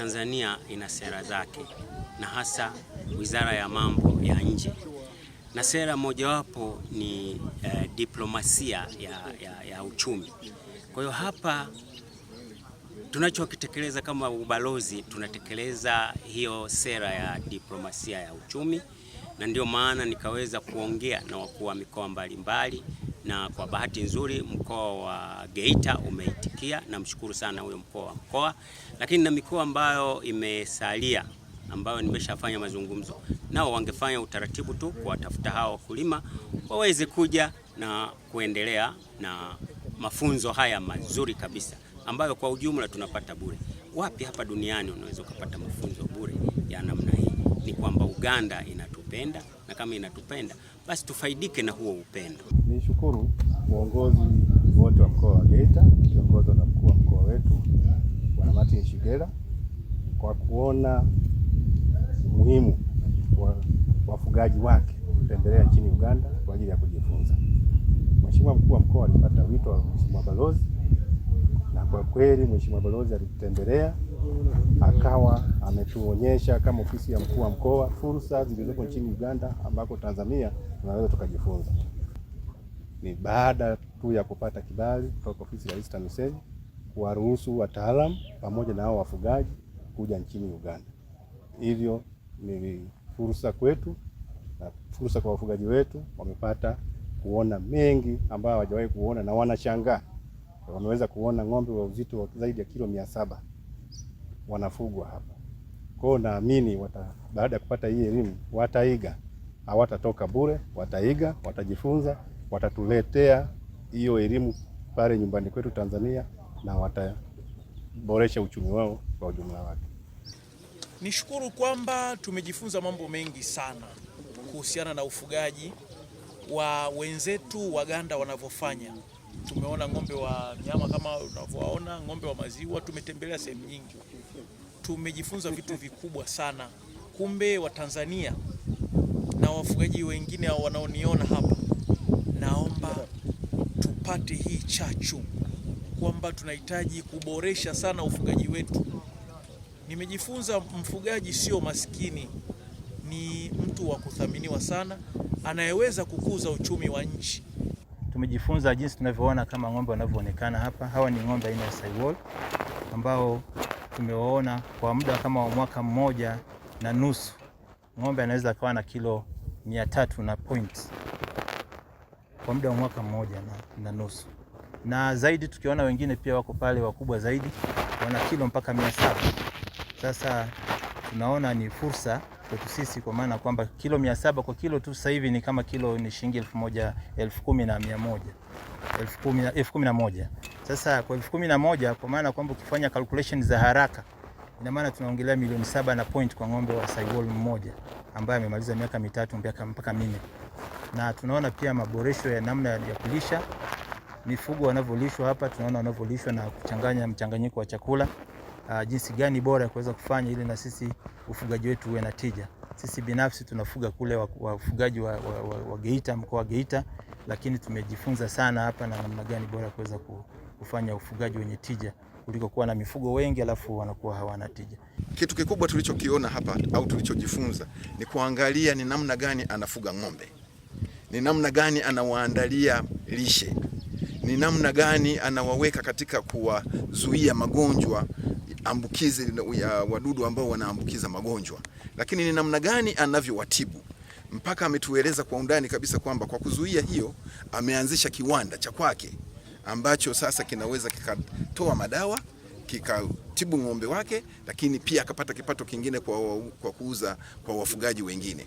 Tanzania ina sera zake na hasa Wizara ya Mambo ya Nje, na sera mojawapo ni eh, diplomasia ya, ya, ya uchumi. Kwa hiyo hapa tunachokitekeleza kama ubalozi tunatekeleza hiyo sera ya diplomasia ya uchumi na ndio maana nikaweza kuongea na wakuu wa mikoa mbalimbali, na kwa bahati nzuri mkoa wa Geita umeitikia, namshukuru sana huyo mkoa wa mkoa, lakini na mikoa ambayo imesalia ambayo nimeshafanya mazungumzo nao, wangefanya utaratibu tu kuwatafuta hao wakulima waweze kuja na kuendelea na mafunzo haya mazuri kabisa ambayo kwa ujumla tunapata bure. Wapi hapa duniani unaweza ukapata mafunzo bure ya namna hii? Ni kwamba Uganda ina inatupenda na kama inatupenda basi tufaidike na huo upendo. Nishukuru uongozi wote wa mkoa wa Geita ukiongozwa na mkuu wa mkoa wetu Bwana Martin Shigela kwa kuona umuhimu wa wafugaji wake kutembelea nchini Uganda kwa ajili ya kujifunza. Mheshimiwa mkuu wa mkoa alipata wito wa Mheshimiwa balozi kwa kweli mheshimiwa balozi alitutembelea akawa ametuonyesha kama ofisi ya mkuu wa mkoa fursa zilizopo nchini Uganda ambako Tanzania tunaweza tukajifunza. Ni baada tu ya kupata kibali kutoka ofisi ya Rais TAMISEMI kuwaruhusu wataalamu pamoja na hao wafugaji kuja nchini Uganda. Hivyo ni fursa kwetu na fursa kwa wafugaji wetu, wamepata kuona mengi ambayo hawajawahi kuona na wanashangaa wameweza kuona ng'ombe wa uzito wa zaidi ya kilo mia saba wanafugwa hapa. Kwa hiyo naamini baada ya kupata hii elimu wataiga, hawatatoka bure, wataiga, watajifunza, watatuletea hiyo elimu pale nyumbani kwetu Tanzania na wataboresha uchumi wao kwa ujumla wake. Nishukuru kwamba tumejifunza mambo mengi sana kuhusiana na ufugaji wa wenzetu Waganda wanavyofanya tumeona ng'ombe wa nyama kama unavyoona ng'ombe wa maziwa, tumetembelea sehemu nyingi, tumejifunza vitu vikubwa sana. Kumbe Watanzania na wafugaji wengine wanaoniona hapa, naomba tupate hii chachu kwamba tunahitaji kuboresha sana ufugaji wetu. Nimejifunza mfugaji sio maskini, ni mtu wa kuthaminiwa sana, anayeweza kukuza uchumi wa nchi. Tumejifunza jinsi tunavyoona kama ng'ombe wanavyoonekana hapa. Hawa ni ng'ombe aina ya Saiwal ambao tumewaona kwa muda kama wa mwaka mmoja na nusu. Ng'ombe anaweza akawa na kilo mia tatu na point kwa muda wa mwaka mmoja na, na nusu na zaidi, tukiona wengine pia wako pale wakubwa zaidi wana kilo mpaka mia saba. Sasa tunaona ni fursa kwetu sisi, kwa maana kwamba kilo mia saba kwa kilo tu sasa hivi ni kama kilo ni shilingi elfu moja elfu kumi na mia moja elfu kumi na moja Sasa kwa elfu kumi na moja kwa maana kwamba ukifanya calculation za haraka, ina maana tunaongelea milioni saba na point kwa ng'ombe wa Sahiwal mmoja ambaye amemaliza miaka mitatu mpaka minne, na tunaona pia maboresho ya namna ya kulisha mifugo wanavyolishwa hapa, tunaona wanavyolishwa na kuchanganya mchanganyiko wa chakula uh, jinsi gani bora ya kuweza kufanya ili na sisi ufugaji wetu uwe na tija. Sisi binafsi tunafuga kule wafugaji wa, wa, wa, wa Geita, mkoa wa Geita, lakini tumejifunza sana hapa na namna gani bora ya kuweza kufanya ufugaji wenye tija kuliko kuwa na mifugo wengi alafu wanakuwa hawana tija. Kitu kikubwa tulichokiona hapa au tulichojifunza ni kuangalia ni namna gani anafuga ng'ombe, ni namna gani anawaandalia lishe, ni namna gani anawaweka katika kuwazuia magonjwa ambukizi ya wadudu ambao wanaambukiza magonjwa, lakini ni namna gani anavyowatibu mpaka ametueleza kwa undani kabisa kwamba kwa kuzuia hiyo ameanzisha kiwanda cha kwake ambacho sasa kinaweza kikatoa madawa kikatibu ng'ombe wake, lakini pia akapata kipato kingine kwa, kwa kuuza kwa wafugaji wengine.